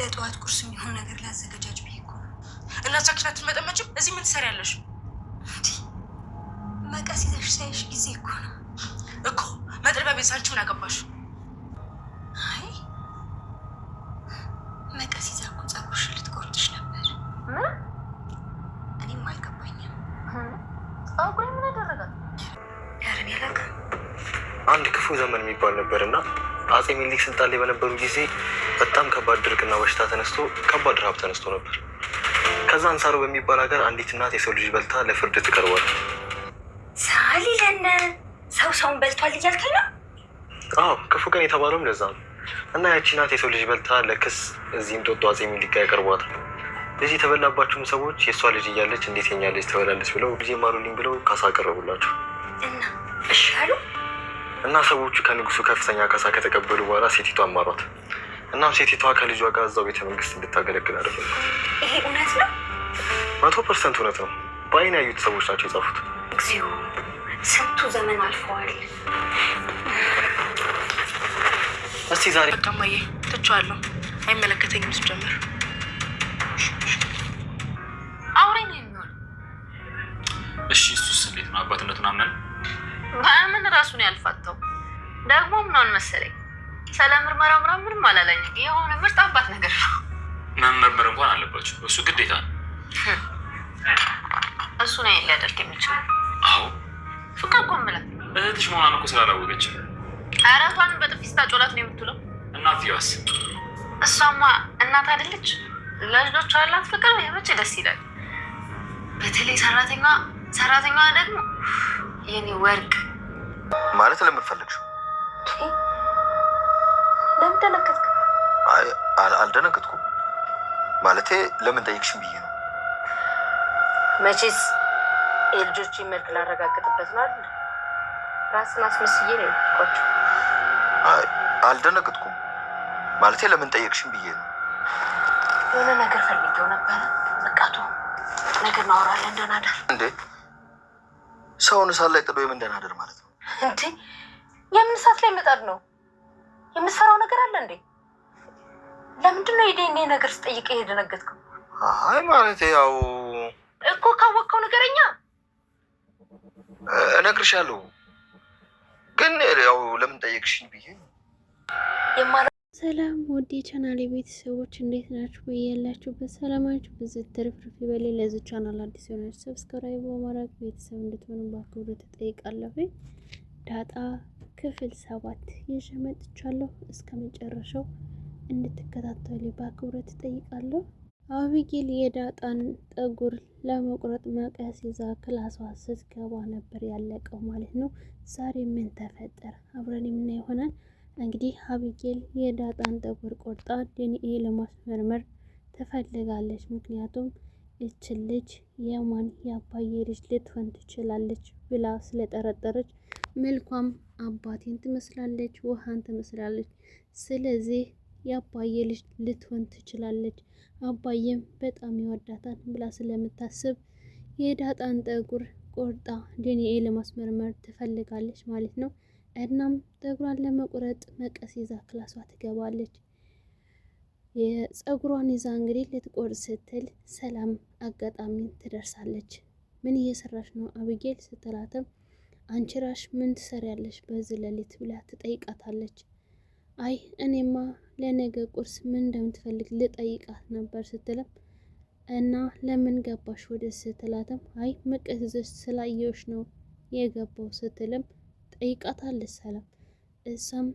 ለጠዋት ቁርስ የሚሆን ነገር ላዘገጃጅ ብዬ እኮ ነው። እናቻችን አትመጠመጭም። እዚህ ምን ትሰሪያለሽ? መቀስ ይዘሽ ሳይሽ ጊዜ እኮ ነው እኮ መጥረቢያ ቤት ሳንቺ ምን አገባሽ? አይ መቀስ ይዛ እኮ ጸጉርሽን ልትቆርጥሽ ነበር። እኔም አልገባኝም። ጸጉሬ ምን አደረጋል? ያረን ያላቀ አንድ ክፉ ዘመን የሚባል ነበር እና አጼ ሚኒሊክ ስልጣን ላይ በነበሩ ጊዜ በጣም ከባድ ድርቅና በሽታ ተነስቶ ከባድ ረሃብ ተነስቶ ነበር። ከዛ አንሳሮ በሚባል ሀገር አንዲት እናት የሰው ልጅ በልታ ለፍርድ ትቀርባለች። ሳሊ ለነ ሰው ሰውን በልቷል እያልከኝ ነው? አዎ ክፉ ቀን የተባለውም ለዛ ነው። እና ያቺ እናት የሰው ልጅ በልታ ለክስ እዚህ እንጦጦ አጼ ሚኒሊክ ጋር ያቀርቧታል። ልጅ የተበላባችሁም ሰዎች የእሷ ልጅ እያለች እንዴት የኛ ልጅ ብለው ጊዜ ማሩልኝ ብለው ካሳ አቀረቡላቸው እና እሺ አሉ። እና ሰዎቹ ከንጉሱ ከፍተኛ ካሳ ከተቀበሉ በኋላ ሴቲቷ አማሯት። እናም ሴቲቷ ከልጇ ጋር እዛው ቤተ መንግስት እንድታገለግል አደረገ። ይሄ እውነት ነው፣ መቶ ፐርሰንት እውነት ነው። በአይን ያዩት ሰዎች ናቸው የጻፉት። እግዚኦ ስንቱ ዘመን አልፈዋል። እስቲ ዛሬ ቀማዬ ትቼዋለሁ፣ አይመለከተኝም። ስጀምር አውሬ ነው የሚሆን። እሺ እሱስ እንዴት ነው አባትነቱን አምናል በአምን ራሱን ያልፋተው ደግሞ ምናምን መሰለኝ ስለ ምርመራ ምራ ምንም አላለኝም። የሆነ ምርጥ አባት ነገር ነው። መመርመር እንኳን አለባቸው። እሱ ግዴታ ነው። እሱ ነው ሊያደርግ የሚችል። አዎ ፍቅር እኮ የምልህ እህትሽ መሆኗን እኮ ስላላወቀች አራቷን በጥፊ ስታጮላት ነው የምትለው። እናትየዋስ? እሷማ እናት አይደለች። ለልጆቿ ያላት ፍቅር የመቼ ደስ ይላል። በተለይ ሰራተኛ ሰራተኛዋ ደግሞ የኔ ወርቅ ማለት ለምን ፈለግሽው? ለምን ደነገጥክ? አልደነገጥኩም። ማለቴ ለምን ጠይቅሽ ብዬ ነው። መቼስ የልጆች መልክ ላረጋግጥበት ነው አይደል? ራስን አስመስዬ ነው የቆቸው። አልደነገጥኩም። ማለቴ ለምን ጠየቅሽም ብዬ ነው። የሆነ ነገር ፈልጌው ነበረ። በቃቱ ነገር እናወራለን። ደህና ደር እንዴ ሰውን እሳት ላይ ጥሎ የምንደናደር ማለት ነው። እንዴ የምን እሳት ላይ መጣድ ነው? የምትሰራው ነገር አለ እንዴ? ለምንድን ነው የዲኤንኤ ነገር ስጠይቀ የደነገጥከው? አይ ማለት ያው እኮ ካወቅከው ነገረኛ እነግርሻለሁ። ግን ያው ለምን ጠየቅሽኝ ብዬ የማለ ሰላም ውድ የቻናል ቤተሰቦች እንዴት ናችሁ? ያላችሁበት ሰላማችሁ ብዙ ትርፍርፍ ይበል። ለዚህ ቻናል አዲስ የሆናችሁ ሰብስክራይብ በማድረግ ቤተሰብ እንድትሆኑ በአክብሮት ተጠይቃለሁ። ዳጣ ክፍል ሰባት ይዤ መጥቻለሁ። እስከ መጨረሻው እንድትከታተሉ በአክብሮት ተጠይቃለሁ። አቢጊል የዳጣን ጠጉር ለመቁረጥ መቀስ ይዛ ክላሷ ስትገባ ነበር ያለቀው ማለት ነው። ዛሬ ምን ተፈጠረ? አብረን የምናየው ይሆናል። እንግዲህ አብጌል የዳጣን ጠጉር ቆርጣ ዲኤንኤ ለማስመርመር ትፈልጋለች። ምክንያቱም እች ልጅ የማን የአባዬ ልጅ ልትሆን ትችላለች ብላ ስለጠረጠረች፣ መልኳም አባቴን ትመስላለች፣ ውሃን ትመስላለች። ስለዚህ የአባዬ ልጅ ልትሆን ትችላለች፣ አባዬም በጣም ይወዳታል ብላ ስለምታስብ የዳጣን ጠጉር ቆርጣ ዲኤንኤ ለማስመርመር ትፈልጋለች ማለት ነው። እናም ፀጉሯን ለመቁረጥ መቀስ ይዛ ክላሷ ትገባለች። የጸጉሯን ይዛ እንግዲህ ልትቆርጥ ስትል ሰላም አጋጣሚ ትደርሳለች። ምን እየሰራሽ ነው አብጌል ስትላትም አንቺ ራሽ ምን ትሰሪያለሽ በዚህ ሌሊት ብላ ትጠይቃታለች። አይ እኔማ ለነገ ቁርስ ምን እንደምትፈልግ ልጠይቃት ነበር ስትልም እና ለምን ገባሽ ወደ ስትላትም አይ መቀስ ይዘሽ ነው የገባው ስትልም ጠይቃታለች ሰላም። እሷም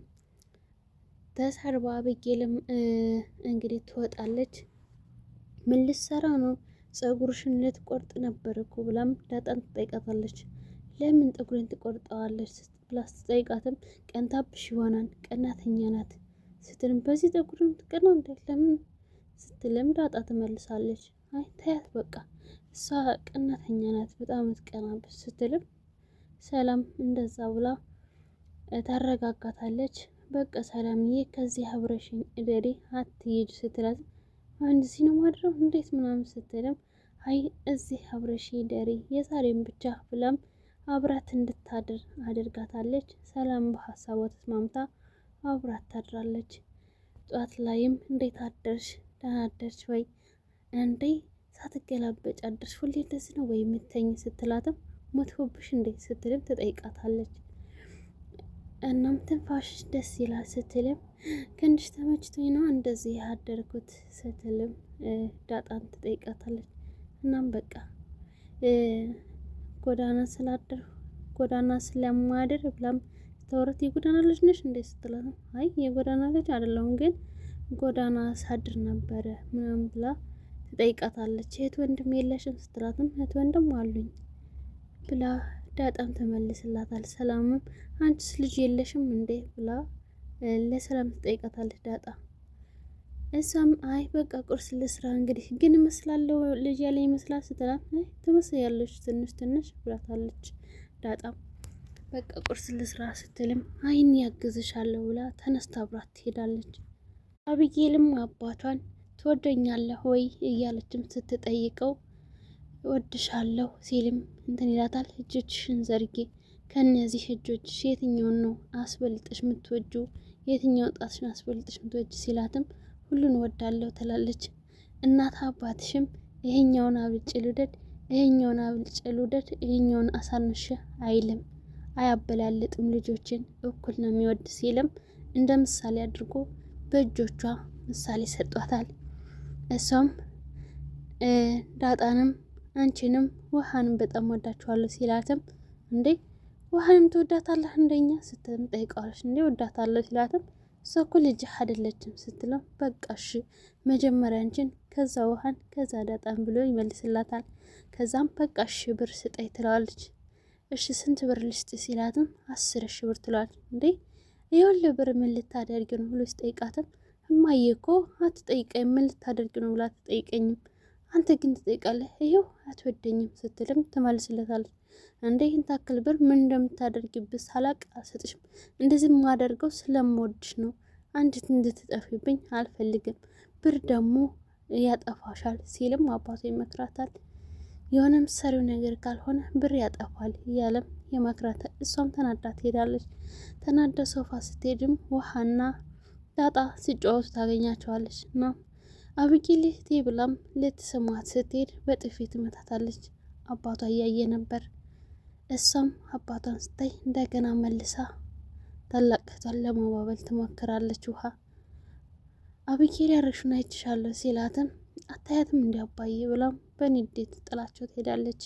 ተሰርባ አብጌልም እንግዲህ ትወጣለች። ምን ልትሰራ ነው? ፀጉርሽን ልትቆርጥ ነበር እኮ ብላም ዳጣን ትጠይቃታለች። ለምን ጠጉሬን ትቆርጠዋለች ብላ ስትጠይቃትም ቀንታብሽ ይሆናል ቀናተኛ ናት ስትልም በዚህ ፀጉርን ትቀና እንዴት ለምን ስትልም ዳጣ ትመልሳለች። አይ ታያት በቃ እሷ ቀናተኛ ናት በጣም ትቀናብሽ ስትልም ሰላም እንደዛ ብላ ታረጋጋታለች። በቃ ሰላምዬ ከዚህ አብረሽኝ እደሪ አትሄጂ ስትላት አንድ ነው ማድረው እንዴት ምናምን ስትልም አይ እዚህ አብረሽ ደሪ የዛሬን ብቻ ብላም አብራት እንድታድር አድርጋታለች። ሰላም በሀሳቧ ተስማምታ አብራት ታድራለች። ጧት ላይም እንዴት አደርሽ ደህና አደርሽ ወይ እንዴ ሳትገላበጭ አደርሽ ሁሌ እንደዚህ ነው ወይ የምተኝ ስትላትም ሞትኩብሽ እንዴ ስትልም ትጠይቃታለች። እናም ትንፋሽ ደስ ይላል ስትልም ክንድሽ ተመችቶኝ ነው እንደዚህ ያደርኩት ስትልም ዳጣን ትጠይቃታለች። እናም በቃ ጎዳና ስላደር ጎዳና ስለማደር ብላም ተወረት የጎዳና ልጅ ነሽ እንዴ ስትላት ነው አይ የጎዳና ልጅ አይደለሁም ግን ጎዳና ሳድር ነበረ ምናምን ብላ ትጠይቃታለች። እህት ወንድም የለሽም ስትላትም እህት ወንድም አሉኝ ብላ ዳጣም ተመልስላታል። ሰላምም አንቺስ ልጅ የለሽም እንዴ ብላ ለሰላም ትጠይቃታለች ዳጣ። እሷም አይ በቃ ቁርስ ልስራ እንግዲህ ግን እመስላለሁ ልጅ ያለ ይመስላል ስትላት ትመስያለሽ ትንሽ ትንሽ ብላታለች ዳጣም። በቃ ቁርስ ልስራ ስትልም አይን ያግዝሻለሁ ብላ ተነስታ አብራት ትሄዳለች። አብዬልም አባቷን ትወደኛለህ ወይ እያለችም ስትጠይቀው እወድሻለሁ ሲልም እንትን ይላታል። እጆችሽን ዘርጊ፣ ከእነዚህ እጆችሽ የትኛውን ነው አስበልጥሽ የምትወጁ? የትኛው ጣትሽን አስበልጥሽ የምትወጅ? ሲላትም ሁሉን ወዳለሁ ትላለች። እናት አባትሽም ይሄኛውን አብልጭ ልውደድ፣ ይሄኛውን አብልጭ ልውደድ፣ ይሄኛውን አሳንሽ አይልም፣ አያበላልጥም። ልጆችን እኩል ነው የሚወድ ሲልም እንደ ምሳሌ አድርጎ በእጆቿ ምሳሌ ሰጧታል። እሷም ዳጣንም አንቺንም ውሃንም በጣም ወዳችኋለሁ ሲላትም እንዴ ውሃንም ትወዳታለህ እንደኛ ስትልም ጠይቀዋለች። እንዴ ወዳታለሁ ሲላትም እሷ እኮ ልጅህ አይደለችም ስትለው በቃ እሺ መጀመሪያ አንቺን ከዛ ውሃን ከዛ ዳጣን ብሎ ይመልስላታል። ከዛም በቃ እሺ ብር ስጠይ ትለዋለች። እሺ ስንት ብር ልስጥ ሲላትም አስር ሺ ብር ትለዋለች። እንዴ የሁሉ ብር ምን ልታደርግ ነው ብሎ ሲጠይቃትም እማዬ እኮ አትጠይቀኝ ምን ልታደርግ ነው ብላ አትጠይቀኝም አንተ ግን ትጠይቃለህ፣ ይኸው አትወደኝም ስትልም ትመልስለታለች። እንደ ይህን ታክል ብር ምን እንደምታደርግብስ ሳላቅ አልሰጥሽም። እንደዚህ የማደርገው ስለምወድሽ ነው። አንዲት እንድትጠፊብኝ አልፈልግም። ብር ደግሞ ያጠፋሻል ሲልም አባቱ ይመክራታል። የሆነም ሰሪው ነገር ካልሆነ ብር ያጠፋል እያለም ይመክራታል። እሷም ተናዳ ትሄዳለች። ተናደ ሶፋ ስትሄድም ውሃና ዳጣ ሲጫወቱ ታገኛቸዋለች ነው አብጊል እህቴ ብላም ልትስማት ስትሄድ በጥፊ ትመታታለች። አባቷ እያየ ነበር። እሷም አባቷን ስታይ እንደገና መልሳ ታላቅ እህቷን ለማባበል ትሞክራለች። ውሃ አብጊል ያረሹን አይችሻለሁ ሲላትም አታያትም እንዲያባዬ ብላም በንዴት ጥላቸው ትሄዳለች።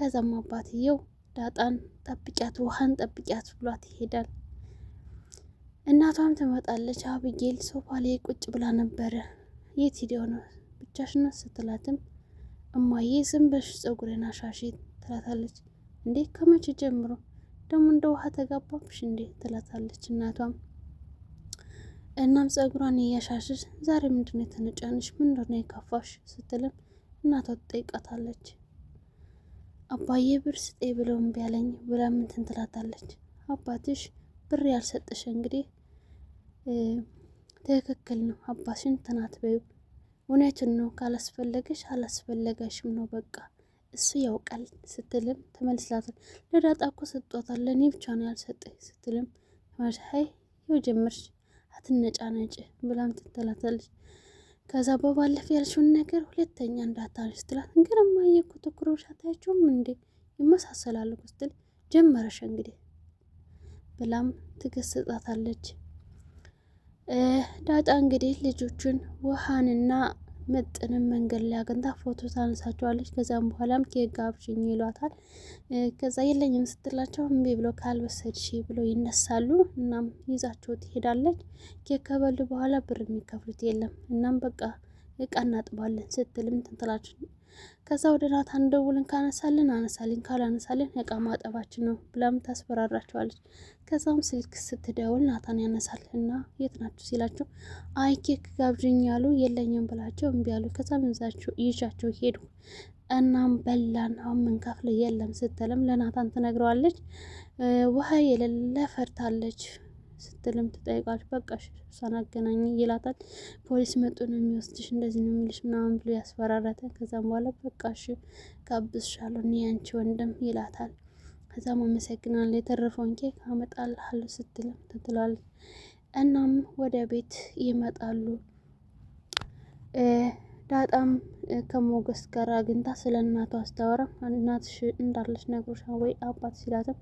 ከዛም አባትየው ዳጣን ጠብቂያት፣ ውሃን ጠብቂያት ብሏት ይሄዳል። እናቷም ትመጣለች። አብጌል ሶፋ ላይ ቁጭ ብላ ነበረ። የት ሂደው ነው ብቻሽን ስትላትም እማዬ ዝም በሽ ጸጉሬና ሻሽ ትላታለች። እንዴ ከመቼ ጀምሮ ደግሞ እንደ ውሃ ተጋባብሽ እንዴ ትላታለች እናቷም። እናም ጸጉሯን እያሻሽሽ ዛሬ ምንድነው የተነጫንሽ? ምንድነው የከፋሽ? ስትልም እናቷ ትጠይቃታለች። አባዬ ብር ስጤ ብለው እምቢ አለኝ ብላ ምን አባትሽ ብር ያልሰጠሽ እንግዲህ ትክክል ነው አባሽን ትናት በዩ እውነትን ነው ካላስፈለገሽ አላስፈለገሽም ነው በቃ እሱ ያውቃል ስትልም ተመልስላታል። ለዳጣ እኮ ሰጥቷታል ለእኔ ብቻ ነው ያልሰጠኝ ስትልም ተመልሳይ ይኸው ጀመርሽ አትነጫነጭ ብላም ትተላታለች። ከዛ በባለፈ ያልሽውን ነገር ሁለተኛ እንዳታለች ስትላት እንግዲህ እማዬ እኮ አታያቸውም እንዴ ይመሳሰላል ስትል ጀመረሽ እንግዲህ ብላም ትገስጻታለች። ዳጣ እንግዲህ ልጆቹን ውሃንና መጥንም መንገድ ላይ አግኝታ ፎቶ ታነሳቸዋለች። ከዛም በኋላም ኬክ ጋብዥኝ ይሏታል። ከዛ የለኝም ስትላቸው እምቢ ብሎ ካልወሰድሽ ብሎ ይነሳሉ። እናም ይዛቸው ትሄዳለች። ኬክ ከበሉ በኋላ ብር የሚከፍሉት የለም። እናም በቃ እቃ እናጥባለን ስትልም ትንትላችሁ ከዛ ወደ ናታን ደውልን ካነሳልን አነሳልን ካላነሳልን እቃ ማጠባችን ነው ብላም ታስፈራራቸዋለች። ከዛም ስልክ ስትደውል ናታን እና የት ናችሁ ሲላቸው አይ ኬክ ጋብዥኝ ያሉ የለኝም ብላቸው እምቢ ያሉ። ከዛም ይዣቸው ሄዱ። እናም በላን አሁን ምንከፍል የለም ስትልም ለናታን ትነግረዋለች። ውሃ የሌለ ፈርታለች። ስትልም ትጠይቃለች። በቃሽ ሳናገናኝ ይላታል። ፖሊስ መጡ ነው የሚወስድሽ እንደዚህ ነው የሚልሽ ምናምን ብሎ ያስፈራራታል። ከዛም በኋላ በቃሽ ጋብዝሻለሁ እኔ ያንቺ ወንድም ይላታል። ከዛም አመሰግናለሁ የተረፈውን ኬክ አመጣልሃለሁ ስትልም ትትላለች። እናም ወደ ቤት ይመጣሉ። ዳጣም ከሞገስ ጋር አግኝታ ስለ እናቷ አስታወራ። እናትሽ እንዳለች ነግሮሻ ወይ አባት ሲላትም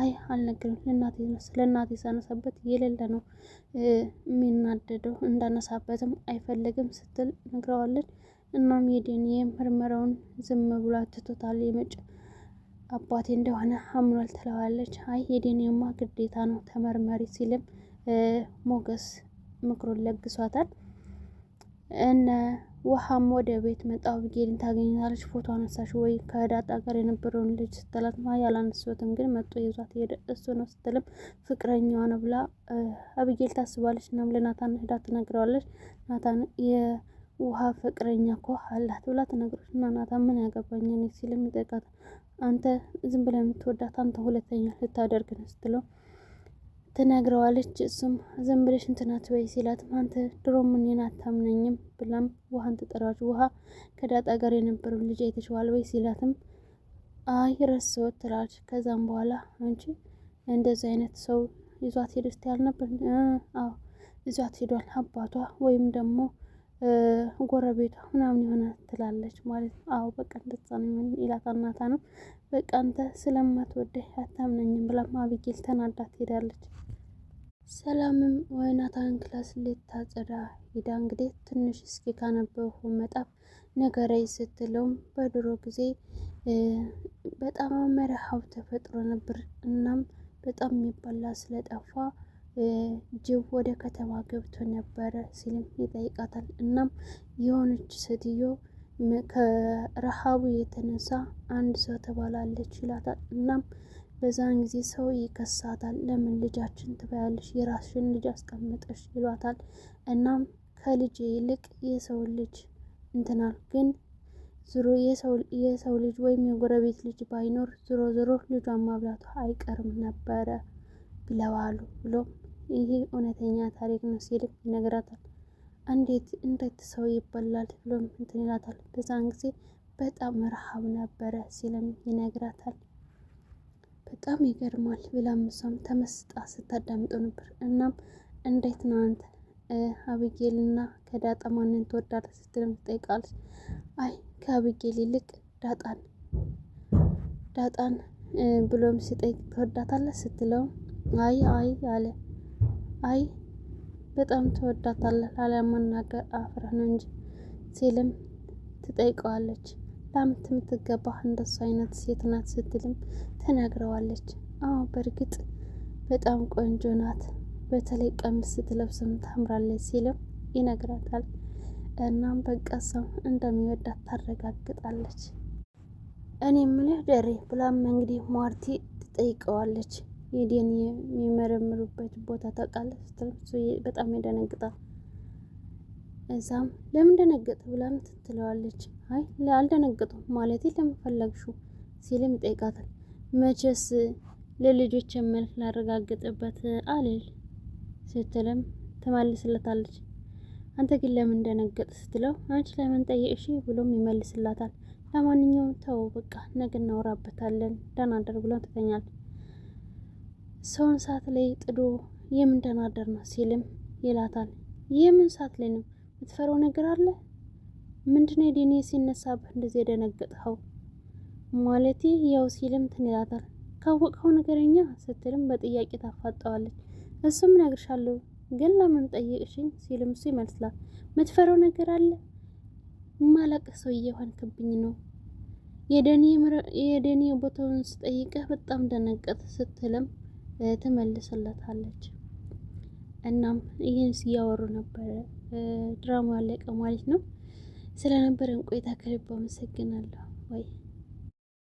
አይ አልነገርም ለእናቴ ለእናቴ ሳነሳበት የሌለ ነው የሚናደደው እንዳነሳበትም አይፈልግም ስትል ነግረዋለች። እናም የዲኤንኤ ምርመራውን ዝም ብላ ትቶታል። የመጭ አባቴ እንደሆነ አምኗል ትለዋለች። አይ የዲኤንኤማ ግዴታ ነው ተመርመሪ ሲልም ሞገስ ምክሩን ለግሷታል እነ ውሃም ወደ ቤት መጣ። አብጌልን ታገኘታለች። ፎቶ አነሳሽ ወይ ከዳጣ ጋር የነበረውን ልጅ ስትላት ማ ያላነሱትም ግን መጥቶ ይዟት ሄደ። እሱ ነው ስትልም ፍቅረኛዋ ነው ብላ አብጌል ታስባለች። እናም ለናታን ሄዳ ትነግረዋለች። ናታን የውሃ ፍቅረኛ እኮ አላት ብላ ትነግረች እና ናታን ምን ያገባኝ ሲልም ይጠይቃታል። አንተ ዝም ብለህ የምትወዳት አንተ ሁለተኛ ልታደርግ ነው ስትለው ትነግረዋለች። እሱም ዝም ብለሽ እንትን አትበይ ሲላትም አንተ ድሮም እኔን አታምነኝም ብላም ውሃን ትጠራች። ውሃ ከዳጣ ጋር የነበረው ልጅ አይተሽዋል ወይ ሲላትም አይ ረሳሁት ትላች ከዛም በኋላ አንቺ እንደዚህ አይነት ሰው ይዟት ሄደሽ ያልነበር? አዎ ይዟት ሄዷል አባቷ ወይም ደግሞ ጎረቤቷ ምናምን የሆነ ትላለች ማለት ነው። አዎ በቃ እንደዛ ነው ይላታል ነው። በቃ አንተ ስለማትወደኝ አታምነኝም ብላ አቢጌል ተናዳ ትሄዳለች። ሰላምም ወይናታን ክላስ ልታጸዳ ሂዳ እንግዲህ ትንሽ እስኪ ካነበብኩ መጣፍ ነገረኝ ስትለውም በድሮ ጊዜ በጣም መረሃው ተፈጥሮ ነበር እናም በጣም የሚበላ ስለጠፋ ጅብ ወደ ከተማ ገብቶ ነበረ ሲልም ይጠይቃታል። እናም የሆነች ሴትዮ ከረሃቡ የተነሳ አንድ ሰው ተባላለች ይላታል። እናም በዛን ጊዜ ሰው ይከሳታል። ለምን ልጃችን ትበያለሽ? የራስሽን ልጅ አስቀምጠሽ ይሏታል። እናም ከልጅ ይልቅ የሰው ልጅ እንትናል ግን ዝሮ የሰው ልጅ ወይም የጎረቤት ልጅ ባይኖር ዝሮ ዝሮ ልጇን ማብላቷ አይቀርም ነበረ ብለዋሉ ብሎ ይሄ እውነተኛ ታሪክ ነው ሲልም ይነግራታል። እንዴት እንዴት ሰው ይበላል ብሎም እንትን ይላታል። በዛን ጊዜ በጣም ረሃብ ነበረ ሲልም ይነግራታል። በጣም ይገርማል ብላም እሷም ተመስጣ ስታዳምጠው ነበር። እናም እንዴት ነው አንተ አብጌልና ከዳጣ ማንን ትወዳለህ ስትልም ትጠይቃለች። አይ ከአብጌል ይልቅ ዳጣን ዳጣን ብሎም ሲጠይቅ ትወዳታለህ ስትለው አይ አይ አለ። አይ በጣም ትወዳታለህ ላለመናገር አፍረህ ነው እንጂ ሲልም ትጠይቀዋለች። ላምት የምትገባህ እንደሱ አይነት ሴት ናት ስትልም ትነግረዋለች። አዎ በእርግጥ በጣም ቆንጆ ናት፣ በተለይ ቀሚስ ስትለብስም ታምራለች ሲልም ይነግራታል። እናም በቃ ሰው እንደሚወዳት ታረጋግጣለች። እኔ የምልህ ደሬ ብላም እንግዲህ ማርቲ ትጠይቀዋለች። የዴን የሚመረምሩበት ቦታ ታውቃለህ ስትል በጣም ይደነግጣል። እዛም ለምን ደነገጥ ብላም ትትለዋለች። አይ አልደነገጥኩም ማለት ለምን ፈለግሽው ሲልም ይጠይቃታል። መቼስ ለልጆች መልክ ላረጋግጥበት አልል ስትልም ትመልስለታለች። አንተ ግን ለምን ደነገጥ ስትለው አንቺ ለምን ጠየቅሽ ብሎም ይመልስላታል። ለማንኛውም ተው በቃ ነገ እናወራበታለን ደህና አደር ብሎ ትተኛለች። ሰውን ሰዓት ላይ ጥዶ የምን ደናደር ነው ሲልም ይላታል። የምን ሰዓት ላይ ነው የምትፈረው ነገር አለ? ምንድነው የዲኔ ሲነሳብህ እንደዚህ የደነገጥኸው? ማለቴ ያው ሲልም ትን ይላታል። ካወቅኸው ነገረኛ ስትልም በጥያቄ ታፋጠዋለች። እሱም እነግርሻለሁ ግን ለምን ጠየቅሽኝ? ሲልም እሱ ይመስላል። የምትፈረው ነገር አለ? ማላቅ ሰው እየሆንክብኝ ነው የደኔ ቦታውን ስጠይቀህ በጣም ደነገጥ ስትልም ትመልስለታለች። እናም ይህን እያወሩ ነበረ ድራማ ያለቀ ማለት ነው። ስለነበረን ቆይታ ከልብ አመሰግናለሁ ወይ